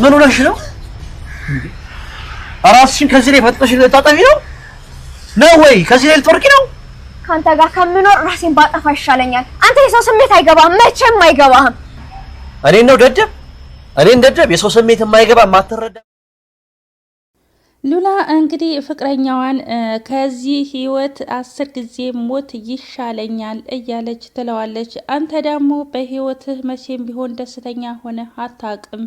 ምን ሆነሽ ነው? ራስሽን ከዚህ ላይ ፈጥነሽ ልታጠፊ ነው ነው ወይ? ከዚህ ላይ ልትወርቂ ነው? ከአንተ ጋር ከምኖር ራሴን ባጠፋ ይሻለኛል። አንተ የሰው ስሜት አይገባህም፣ መቼም አይገባህም። እኔን ነው ደደብ? እኔን ደደብ? የሰው ስሜት የማይገባ የማትረዳ ሉላ እንግዲህ ፍቅረኛዋን ከዚህ ህይወት አስር ጊዜ ሞት ይሻለኛል እያለች ትለዋለች። አንተ ደግሞ በህይወትህ መቼም ቢሆን ደስተኛ ሆነ አታውቅም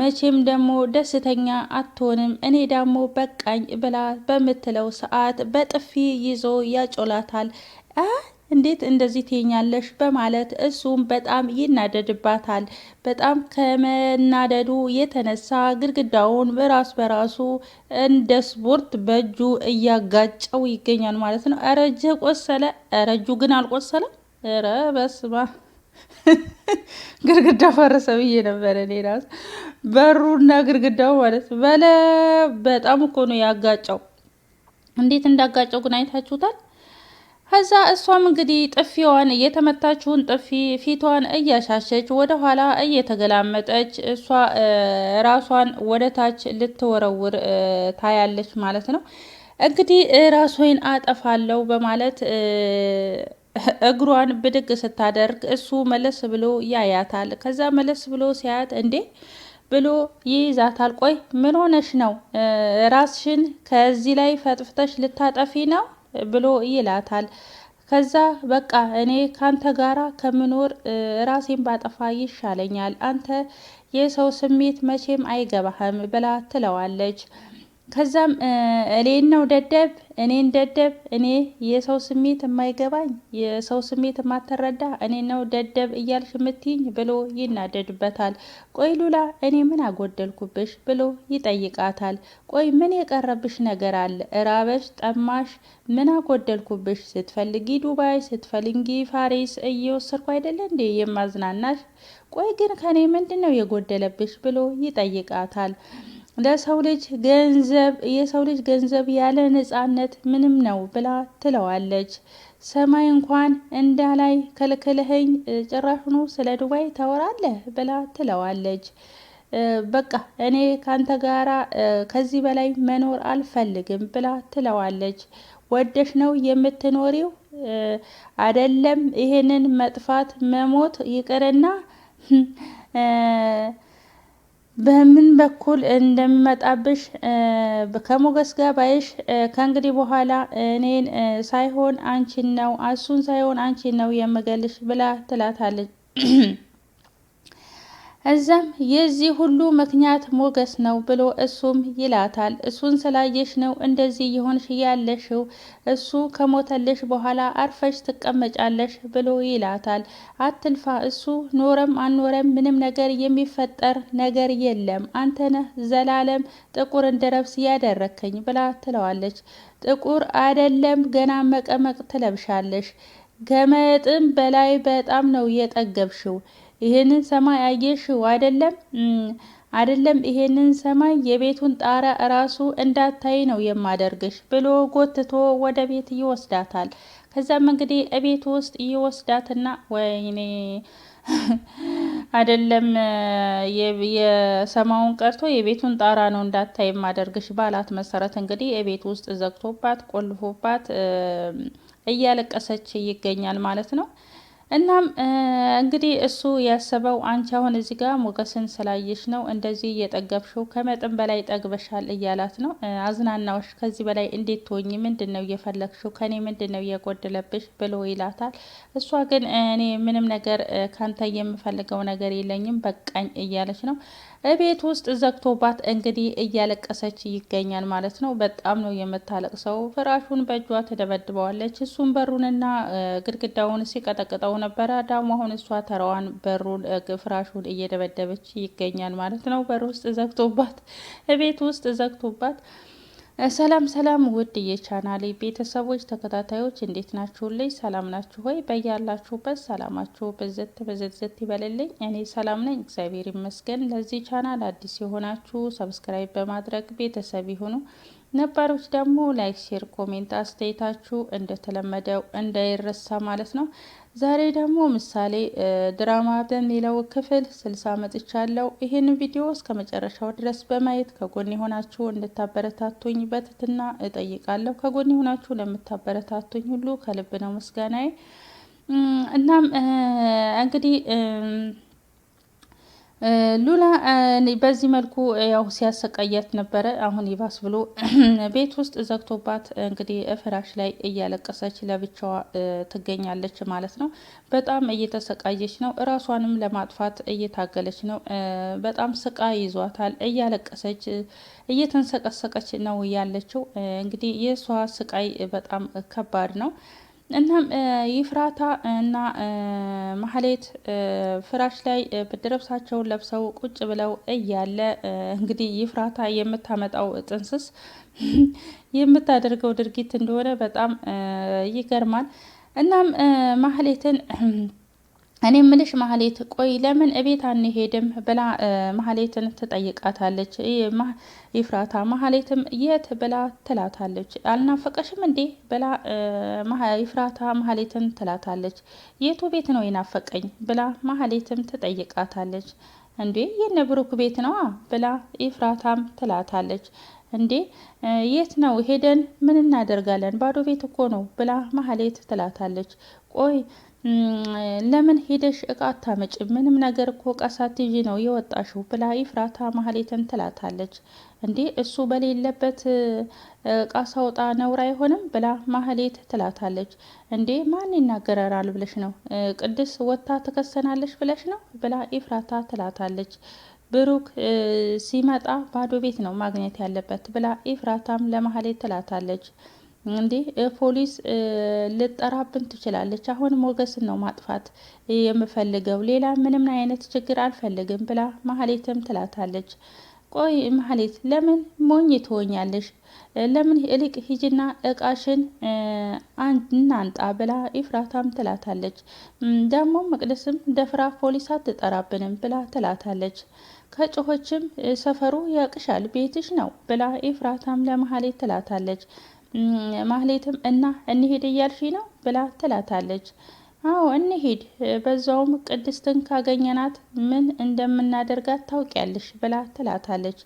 መቼም ደግሞ ደስተኛ አትሆንም፣ እኔ ደግሞ በቃኝ ብላ በምትለው ሰዓት በጥፊ ይዞ ያጮላታል። እንዴት እንደዚህ ትኛለሽ? በማለት እሱም በጣም ይናደድባታል። በጣም ከመናደዱ የተነሳ ግድግዳውን በራስ በራሱ እንደ ስፖርት በእጁ እያጋጨው ይገኛል ማለት ነው። ረጅ ቆሰለ፣ ረጁ እጁ ግን አልቆሰለም። ረ በስመ ግርግዳ ፈረሰ ብዬ ነበረ እኔ እራሱ በሩና ግርግዳው ማለት በለ በጣም እኮ ነው ያጋጨው። እንዴት እንዳጋጨው ግን አይታችሁታል። ከዛ እሷም እንግዲህ ጥፊዋን እየተመታችውን ጥፊ ፊቷን እያሻሸች ወደ ኋላ እየተገላመጠች እሷ ራሷን ወደ ታች ልትወረውር ታያለች ማለት ነው። እንግዲህ ራሷን አጠፋለው በማለት እግሯን ብድግ ስታደርግ እሱ መለስ ብሎ ያያታል። ከዛ መለስ ብሎ ሲያያት እንዴ ብሎ ይይዛታል። ቆይ ምን ሆነሽ ነው? ራስሽን ከዚህ ላይ ፈጥፍተሽ ልታጠፊ ነው ብሎ ይላታል። ከዛ በቃ እኔ ካንተ ጋራ ከምኖር ራሴን ባጠፋ ይሻለኛል፣ አንተ የሰው ስሜት መቼም አይገባህም ብላ ትለዋለች። ከዛም እኔን ነው ደደብ፣ እኔን ደደብ፣ እኔ የሰው ስሜት የማይገባኝ የሰው ስሜት የማትረዳ እኔ ነው ደደብ እያልሽ የምትይኝ ብሎ ይናደድበታል። ቆይ ሉላ እኔ ምን አጎደልኩብሽ ብሎ ይጠይቃታል። ቆይ ምን የቀረብሽ ነገር አለ? እራበሽ፣ ጠማሽ፣ ምን አጎደልኩብሽ? ስትፈልጊ ዱባይ፣ ስትፈልጊ ፓሪስ እየወሰድኩ አይደለ እንዴ የማዝናናሽ? ቆይ ግን ከኔ ምንድን ነው የጎደለብሽ ብሎ ይጠይቃታል። ለሰው ልጅ ገንዘብ የሰው ልጅ ገንዘብ ያለ ነፃነት ምንም ነው ብላ ትለዋለች። ሰማይ እንኳን እንዳላይ ከልክልህኝ ጭራሽኑ ስለ ዱባይ ታወራለህ ብላ ትለዋለች። በቃ እኔ ካንተ ጋራ ከዚህ በላይ መኖር አልፈልግም ብላ ትለዋለች። ወደሽ ነው የምትኖሪው አደለም? ይሄንን መጥፋት መሞት ይቅርና በምን በኩል እንደሚመጣብሽ ከሞገስ ጋር ባይሽ ከእንግዲህ በኋላ እኔን ሳይሆን አንቺን ነው፣ አሱን ሳይሆን አንቺን ነው የምገልሽ ብላ ትላታለች። እዛም የዚህ ሁሉ ምክንያት ሞገስ ነው ብሎ እሱም ይላታል። እሱን ስላየሽ ነው እንደዚህ የሆንሽ ያለሽው፣ እሱ ከሞተልሽ በኋላ አርፈሽ ትቀመጫለሽ ብሎ ይላታል። አትልፋ፣ እሱ ኖረም አኖረም ምንም ነገር የሚፈጠር ነገር የለም፣ አንተ ዘላለም ጥቁር እንድለብስ ያደረከኝ ብላ ትለዋለች። ጥቁር አይደለም ገና መቀመቅ ትለብሻለሽ፣ ከመጠን በላይ በጣም ነው የጠገብሽው ይሄንን ሰማይ አየሽው አይደለም አይደለም ይሄንን ሰማይ የቤቱን ጣራ እራሱ እንዳታይ ነው የማደርግሽ ብሎ ጎትቶ ወደ ቤት ይወስዳታል። ከዛም እንግዲህ እቤት ውስጥ ይወስዳትና ወይኔ አይደለም የሰማውን ቀርቶ የቤቱን ጣራ ነው እንዳታይ የማደርግሽ ባላት መሰረት እንግዲህ የቤት ውስጥ ዘግቶባት ቆልፎባት እያለቀሰች ይገኛል ማለት ነው። እናም እንግዲህ እሱ ያሰበው አንቺ አሁን እዚህ ጋር ሞገስን ስላየሽ ነው እንደዚህ እየጠገብሽው ከመጠን በላይ ጠግበሻል እያላት ነው። አዝናናዎች ከዚህ በላይ እንዴት ትሆኝ? ምንድን ነው እየፈለግሽው? ከኔ ምንድን ነው እየጎደለብሽ? ብሎ ይላታል። እሷ ግን እኔ ምንም ነገር ካንተ የምፈልገው ነገር የለኝም በቃኝ እያለች ነው። ቤት ውስጥ ዘግቶባት እንግዲህ እያለቀሰች ይገኛል ማለት ነው። በጣም ነው የምታለቅሰው። ፍራሹን በእጇ ትደበድበዋለች። እሱን በሩንና ግድግዳውን ሲቀጠቅጠው ነበረ። አዳሙ አሁን እሷ ተራዋን በሩን ፍራሹን እየደበደበች ይገኛል ማለት ነው። በር ውስጥ ዘግቶባት፣ ቤት ውስጥ ዘግቶባት። ሰላም ሰላም፣ ውድ የቻናሌ ቤተሰቦች ተከታታዮች እንዴት ናችሁልኝ? ሰላም ናችሁ ወይ? በያላችሁበት ሰላማችሁ በዘት ብዝዝት ይበልልኝ። እኔ ሰላም ነኝ፣ እግዚአብሔር ይመስገን። ለዚህ ቻናል አዲስ የሆናችሁ ሰብስክራይብ በማድረግ ቤተሰብ ይሁኑ። ነባሮች ደግሞ ላይክ፣ ሼር፣ ኮሜንት አስተያየታችሁ እንደተለመደው እንዳይረሳ ማለት ነው። ዛሬ ደግሞ ምሳሌ ድራማ በሚለው ክፍል ስልሳ መጥቻለሁ። ይህን ቪዲዮ እስከ መጨረሻው ድረስ በማየት ከጎን የሆናችሁ እንድታበረታቱኝ በትትና እጠይቃለሁ። ከጎን የሆናችሁ ለምታበረታቱኝ ሁሉ ከልብ ነው ምስጋናዬ። እናም እንግዲህ ሉላ በዚህ መልኩ ያው ሲያሰቃያት ነበረ። አሁን ይባስ ብሎ ቤት ውስጥ ዘግቶባት እንግዲህ ፍራሽ ላይ እያለቀሰች ለብቻዋ ትገኛለች ማለት ነው። በጣም እየተሰቃየች ነው። እራሷንም ለማጥፋት እየታገለች ነው። በጣም ስቃይ ይዟታል። እያለቀሰች እየተንሰቀሰቀች ነው ያለችው። እንግዲህ የእሷ ስቃይ በጣም ከባድ ነው። እናም ይፍራታ እና ማህሌት ፍራሽ ላይ ብርድልብሳቸውን ለብሰው ቁጭ ብለው እያለ እንግዲህ ይፍራታ የምታመጣው ጥንስስ የምታደርገው ድርጊት እንደሆነ በጣም ይገርማል። እናም ማህሌትን እኔ ምልሽ ማህሌት ቆይ ለምን እቤት አንሄድም ብላ ማህሌትን ትጠይቃታለች። ይፍራታ ማህሌትም የት ብላ ትላታለች። አልናፈቀሽም እንዴ ብላ ይፍራታ ማህሌትን ትላታለች። የቱ ቤት ነው የናፈቀኝ ብላ ማህሌትም ትጠይቃታለች። እንዴ የነ ብሩክ ቤት ነዋ ብላ ይፍራታም ትላታለች። እንዴ የት ነው ሄደን ምን እናደርጋለን? ባዶ ቤት እኮ ነው ብላ ማህሌት ትላታለች። ቆይ ለምን ሄደሽ እቃ አታመጭ? ምንም ነገር እኮ እቃ ሳትይዥ ነው የወጣሽው ብላ ይፍራታ ማህሌትን ትላታለች። እንዴ እሱ በሌለበት እቃ ሳውጣ ነውር አይሆንም ብላ ማህሌት ትላታለች። እንዴ ማን ይናገረራል ብለሽ ነው? ቅድስ ወታ ትከሰናለች ብለሽ ነው ብላ ይፍራታ ትላታለች። ብሩክ ሲመጣ ባዶ ቤት ነው ማግኘት ያለበት ብላ ኢፍራታም ለማህሌት ትላታለች። እንዲህ ፖሊስ ልጠራብን ትችላለች። አሁን ሞገስን ነው ማጥፋት የምፈልገው፣ ሌላ ምንም አይነት ችግር አልፈልግም ብላ መሀሌትም ትላታለች። ቆይ መሀሌት ለምን ሞኝ ትሆኛለሽ? ለምን እልቅ ሂጅና እቃሽን እናንጣ ብላ ኢፍራታም ትላታለች። ደግሞ መቅደስም ደፍራ ፖሊስ አትጠራብንም ብላ ትላታለች። ከጮሆችም ሰፈሩ ያቅሻል ቤትሽ ነው ብላ ኢፍራታም ለመሀሌት ትላታለች። ማህሌትም እና እንሄድ እያልሽ ነው ብላ ትላታለች። አዎ እንሄድ፣ በዛውም ቅድስትን ካገኘናት ምን እንደምናደርጋት ታውቂያለሽ ብላ ትላታለች።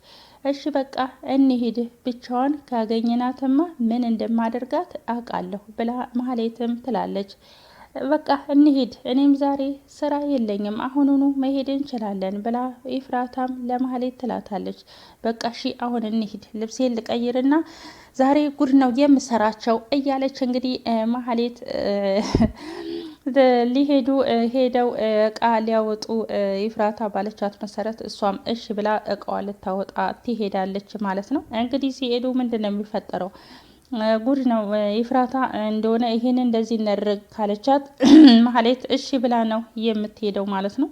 እሺ በቃ እንሄድ፣ ብቻዋን ካገኘናትማ ምን እንደማደርጋት አውቃለሁ ብላ ማህሌትም ትላለች። በቃ እንሂድ፣ እኔም ዛሬ ስራ የለኝም፣ አሁኑኑ መሄድ እንችላለን ብላ ኤፍራታም ለማህሌት ትላታለች። በቃ እሺ አሁን እንሂድ፣ ልብሴን ልቀይርና ዛሬ ጉድ ነው የምሰራቸው እያለች እንግዲህ ማህሌት ሊሄዱ ሄደው እቃ ሊያወጡ ይፍራታ ባለቻት መሰረት እሷም እሺ ብላ እቃዋ ልታወጣ ትሄዳለች ማለት ነው። እንግዲህ ሲሄዱ ምንድን ነው የሚፈጠረው? ጉድ ነው ይፍራታ እንደሆነ ይሄን እንደዚህ እናድርግ ካለቻት ማህሌት እሺ ብላ ነው የምትሄደው ማለት ነው።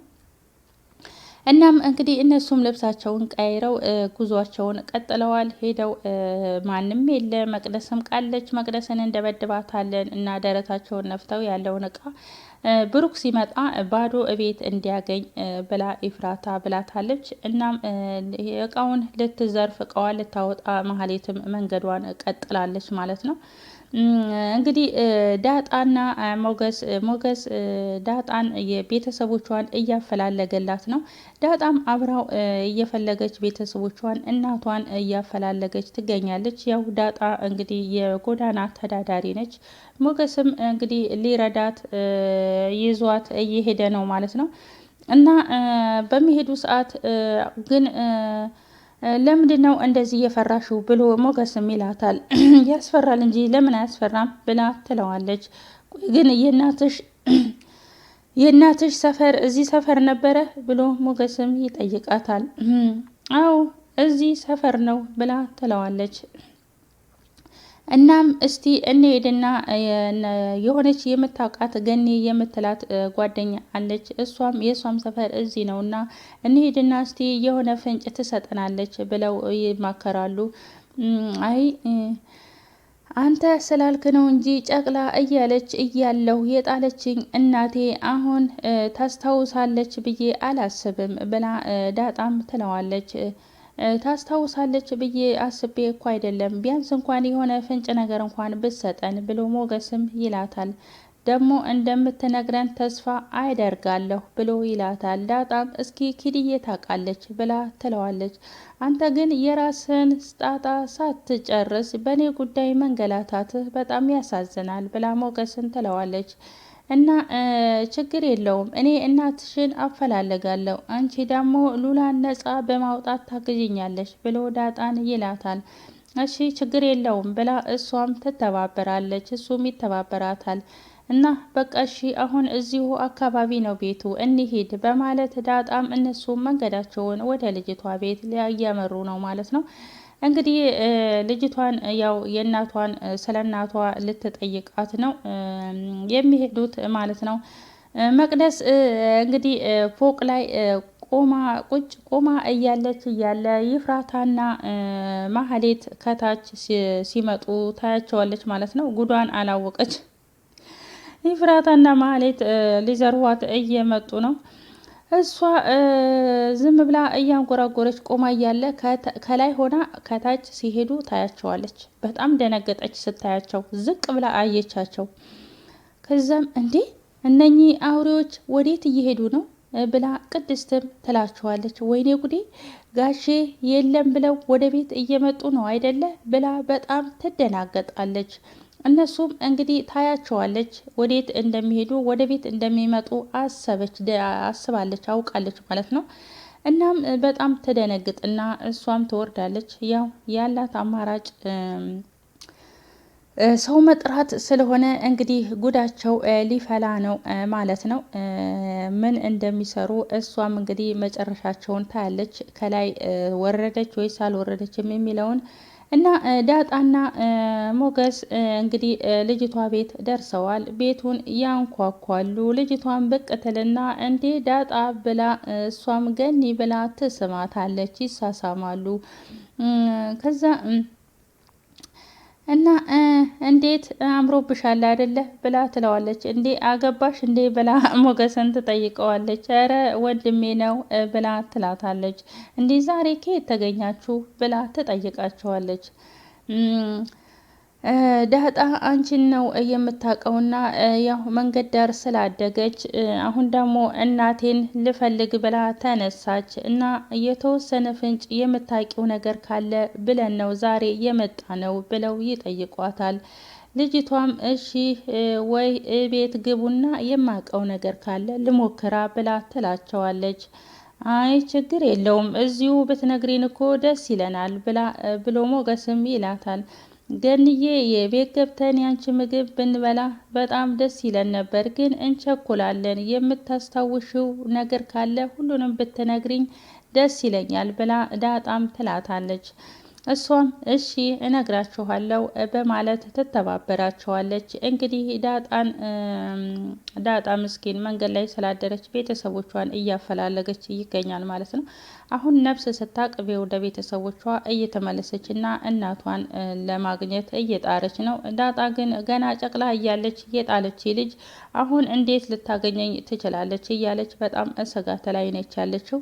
እናም እንግዲህ እነሱም ልብሳቸውን ቀይረው ጉዟቸውን ቀጥለዋል። ሄደው ማንም የለ። መቅደስም ቃለች። መቅደስን እንደበድባታለን እና ደረታቸውን ነፍተው ያለውን እቃ ብሩክ ሲመጣ ባዶ እቤት እንዲያገኝ ብላ ኢፍራታ ብላታለች። እናም እቃውን ልትዘርፍ እቃዋን ልታወጣ መሀሌትም መንገዷን ቀጥላለች ማለት ነው። እንግዲህ ዳጣና ሞገስ ሞገስ ዳጣን ቤተሰቦቿን እያፈላለገላት ነው። ዳጣም አብራው እየፈለገች ቤተሰቦቿን እናቷን እያፈላለገች ትገኛለች። ያው ዳጣ እንግዲህ የጎዳና ተዳዳሪ ነች። ሞገስም እንግዲህ ሊረዳት ይዟት እየሄደ ነው ማለት ነው እና በሚሄዱ ሰዓት ግን ለምንድን ነው እንደዚህ እየፈራሽው ብሎ ሞገስም ይላታል። ያስፈራል እንጂ ለምን አያስፈራም ብላ ትለዋለች። ግን የእናትሽ የእናትሽ ሰፈር እዚህ ሰፈር ነበረ ብሎ ሞገስም ይጠይቃታል። አዎ እዚህ ሰፈር ነው ብላ ትለዋለች። እናም እስቲ እንሄድና የሆነች የምታውቃት ገኒ የምትላት ጓደኛ አለች። እሷም የእሷም ሰፈር እዚህ ነው እና እንሄድና እስቲ የሆነ ፍንጭ ትሰጠናለች ብለው ይማከራሉ። አይ አንተ ስላልክ ነው እንጂ ጨቅላ እያለች እያለሁ የጣለችኝ እናቴ አሁን ታስታውሳለች ብዬ አላስብም ብላ ዳጣም ትለዋለች። ታስታውሳለች ብዬ አስቤ እኮ አይደለም፣ ቢያንስ እንኳን የሆነ ፍንጭ ነገር እንኳን ብትሰጠን ብሎ ሞገስም ይላታል። ደግሞ እንደምትነግረን ተስፋ አይደርጋለሁ ብሎ ይላታል። ዳጣም እስኪ ኪድዬ ታውቃለች ብላ ትለዋለች። አንተ ግን የራስህን ስጣጣ ሳትጨርስ በእኔ ጉዳይ መንገላታትህ በጣም ያሳዝናል ብላ ሞገስን ትለዋለች። እና ችግር የለውም እኔ እናትሽን አፈላለጋለሁ አንቺ ደግሞ ሉላን ነፃ በማውጣት ታግዥኛለሽ ብሎ ዳጣን ይላታል። እሺ ችግር የለውም ብላ እሷም ትተባበራለች፣ እሱም ይተባበራታል። እና በቃ እሺ አሁን እዚሁ አካባቢ ነው ቤቱ እንሂድ በማለት ዳጣም እነሱም መንገዳቸውን ወደ ልጅቷ ቤት ሊያያመሩ ነው ማለት ነው። እንግዲህ ልጅቷን ያው የእናቷን ስለ እናቷ ልትጠይቃት ነው የሚሄዱት ማለት ነው። መቅደስ እንግዲህ ፎቅ ላይ ቆማ ቁጭ ቆማ እያለች እያለ ይፍራታና ማህሌት ከታች ሲመጡ ታያቸዋለች ማለት ነው። ጉዷን አላወቀች። ይፍራታና ማህሌት ሊዘርዋት እየመጡ ነው። እሷ ዝም ብላ እያንጎራጎረች ቆማ እያለ ከላይ ሆና ከታች ሲሄዱ ታያቸዋለች። በጣም ደነገጠች ስታያቸው፣ ዝቅ ብላ አየቻቸው። ከዛም እንዴ እነኚህ አውሬዎች ወዴት እየሄዱ ነው ብላ ቅድስትም ትላቸዋለች። ወይኔ ጉዴ ጋሼ የለም ብለው ወደ ቤት እየመጡ ነው አይደለ ብላ በጣም ትደናገጣለች። እነሱም እንግዲህ ታያቸዋለች። ወዴት እንደሚሄዱ ወደ ቤት እንደሚመጡ አሰበች አስባለች አውቃለች ማለት ነው። እናም በጣም ትደነግጥና እሷም ትወርዳለች። ያው ያላት አማራጭ ሰው መጥራት ስለሆነ እንግዲህ ጉዳቸው ሊፈላ ነው ማለት ነው። ምን እንደሚሰሩ እሷም እንግዲህ መጨረሻቸውን ታያለች። ከላይ ወረደች ወይስ አልወረደችም የሚለውን እና ዳጣና ሞገስ እንግዲህ ልጅቷ ቤት ደርሰዋል። ቤቱን ያንኳኳሉ። ልጅቷን ብቅ ትልና እንዴ ዳጣ ብላ እሷም ገኒ ብላ ትስማታለች። ይሳሳማሉ። ከዛ እና እንዴት አምሮብሻል አይደለ ብላ ትለዋለች። እንዴ አገባሽ እንዴ ብላ ሞገሰን ትጠይቀዋለች። ኧረ ወንድሜ ነው ብላ ትላታለች። እንዴ ዛሬ ከየት ተገኛችሁ ብላ ትጠይቃቸዋለች። ዳጣ አንቺን ነው የምታውቀውና ያው መንገድ ዳር ስላደገች አሁን ደግሞ እናቴን ልፈልግ ብላ ተነሳች እና የተወሰነ ፍንጭ የምታውቂው ነገር ካለ ብለን ነው ዛሬ የመጣ ነው ብለው ይጠይቋታል። ልጅቷም እሺ ወይ ቤት ግቡና የማውቀው ነገር ካለ ልሞክራ ብላ ትላቸዋለች። አይ ችግር የለውም እዚሁ ብትነግሪን እኮ ደስ ይለናል ብላ ብሎ ሞገስም ይላታል። ገንዬ የቤት ገብተን ያንቺ ምግብ ብንበላ በጣም ደስ ይለን ነበር፣ ግን እንቸኩላለን። የምታስታውሽው ነገር ካለ ሁሉንም ብትነግሪኝ ደስ ይለኛል ብላ ዳጣም ትላታለች። እሷም እሺ እነግራችኋለሁ በማለት ትተባበራቸዋለች። እንግዲህ ዳጣን ዳጣ ምስኪን መንገድ ላይ ስላደረች ቤተሰቦቿን እያፈላለገች ይገኛል ማለት ነው። አሁን ነፍስ ስታቅቤ ወደ ቤተሰቦቿ እየተመለሰች እና እናቷን ለማግኘት እየጣረች ነው። ዳጣ ግን ገና ጨቅላ እያለች የጣለች ልጅ አሁን እንዴት ልታገኘኝ ትችላለች እያለች በጣም ስጋት ላይ ነች ያለችው።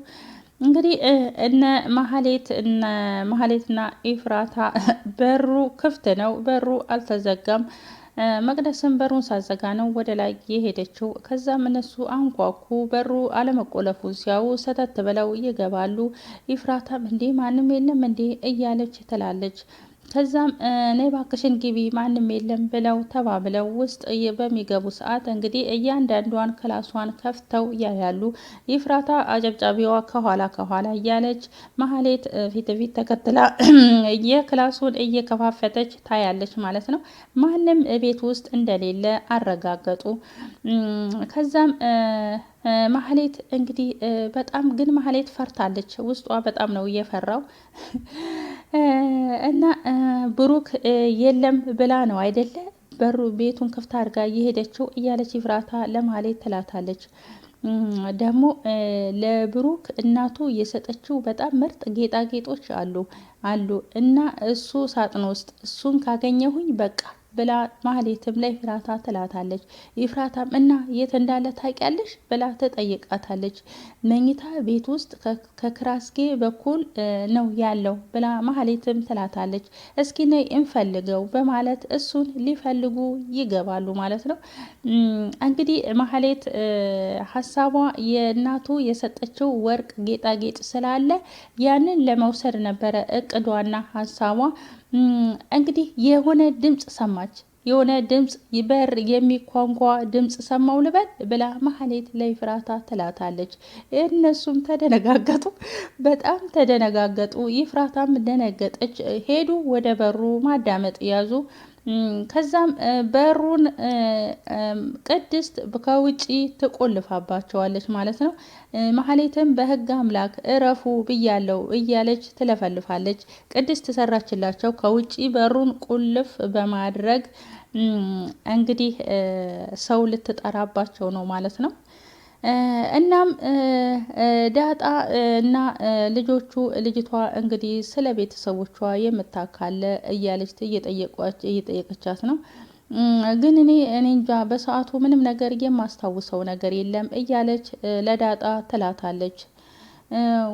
እንግዲህ እነ ማህሌት እነ ማህሌትና ኢፍራታ በሩ ክፍት ነው፣ በሩ አልተዘጋም። መቅደስን በሩን ሳዘጋ ነው ወደ ላይ የሄደችው። ከዛም እነሱ አንኳኩ። በሩ አለመቆለፉ ሲያዩ ሰተት ብለው ይገባሉ። ይፍራታም እንዴ ማንም የለም እንዴ እያለች ትላለች። ከዛም እኔ እባክሽን ግቢ ማንም የለም ብለው ተባብለው ውስጥ በሚገቡ ሰዓት እንግዲህ እያንዳንዷን ክላሷን ከፍተው ያያሉ። ይፍራታ አጨብጫቢዋ ከኋላ ከኋላ እያለች መሀሌት ፊት ፊት ተከትላ የክላሱን እየከፋፈተች ታያለች ማለት ነው። ማንም ቤት ውስጥ እንደሌለ አረጋገጡ። ከዛም ማህሌት እንግዲህ በጣም ግን ማህሌት ፈርታለች። ውስጧ በጣም ነው እየፈራው እና ብሩክ የለም ብላ ነው አይደለ በሩ ቤቱን ክፍት አድርጋ እየሄደችው እያለች ይፍራታ ለማህሌት ትላታለች። ደግሞ ለብሩክ እናቱ የሰጠችው በጣም ምርጥ ጌጣጌጦች አሉ አሉ እና እሱ ሳጥን ውስጥ እሱን ካገኘሁኝ በቃ ብላ ማህሌትም ለይፍራታ ትላታለች። ይፍራታም እና የት እንዳለ ታውቂያለሽ ብላ ትጠይቃታለች። መኝታ ቤት ውስጥ ከክራስጌ በኩል ነው ያለው ብላ ማህሌትም ትላታለች። እስኪ ነይ እንፈልገው በማለት እሱን ሊፈልጉ ይገባሉ ማለት ነው። እንግዲህ ማህሌት ሀሳቧ የእናቱ የሰጠችው ወርቅ ጌጣጌጥ ስላለ ያንን ለመውሰድ ነበረ እቅዷና ሀሳቧ እንግዲህ የሆነ ድምፅ ሰማች። የሆነ ድምፅ ይበር የሚኳንኳ ድምፅ ሰማው ልበል ብላ መሀሌት ለይፍራታ ትላታለች። እነሱም ተደነጋገጡ፣ በጣም ተደነጋገጡ። ይፍራታም ደነገጠች። ሄዱ ወደ በሩ ማዳመጥ ያዙ። ከዛም በሩን ቅድስት ከውጪ ትቆልፋባቸዋለች ማለት ነው። መሀሌትም በህግ አምላክ እረፉ ብያለው እያለች ትለፈልፋለች። ቅድስት ሰራችላቸው ከውጪ በሩን ቁልፍ በማድረግ እንግዲህ ሰው ልትጠራባቸው ነው ማለት ነው። እናም ዳጣ እና ልጆቹ ልጅቷ እንግዲህ ስለ ቤተሰቦቿ የምታካለ እያለች እየጠየቀቻት ነው። ግን እኔ እኔ እንጃ በሰዓቱ ምንም ነገር የማስታውሰው ነገር የለም እያለች ለዳጣ ትላታለች።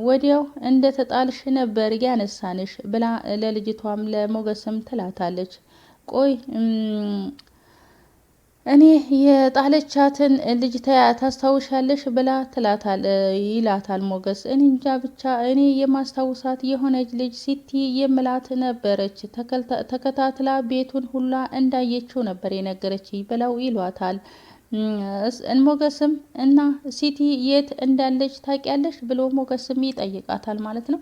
ወዲያው እንደ ተጣልሽ ነበር ያነሳንሽ ብላ ለልጅቷም ለሞገስም ትላታለች። ቆይ እኔ የጣለቻትን ልጅ ታስታውሻለሽ ብላ ትላታል ይላታል ሞገስ። እኔ እንጃ ብቻ እኔ የማስታውሳት የሆነች ልጅ ሲቲ የምላት ነበረች። ተከታትላ ቤቱን ሁላ እንዳየችው ነበር የነገረች ብለው ይሏታል። ሞገስም እና ሲቲ የት እንዳለች ታውቂያለሽ ብሎ ሞገስም ይጠይቃታል ማለት ነው።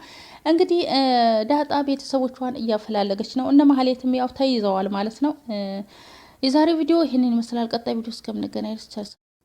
እንግዲህ ዳጣ ቤተሰቦቿን እያፈላለገች ነው። እነ ማህሌትም ያው ተይዘዋል ማለት ነው። የዛሬ ቪዲዮ ይህንን ይመስላል። ቀጣይ ቪዲዮ እስከምንገናኝ ድረስ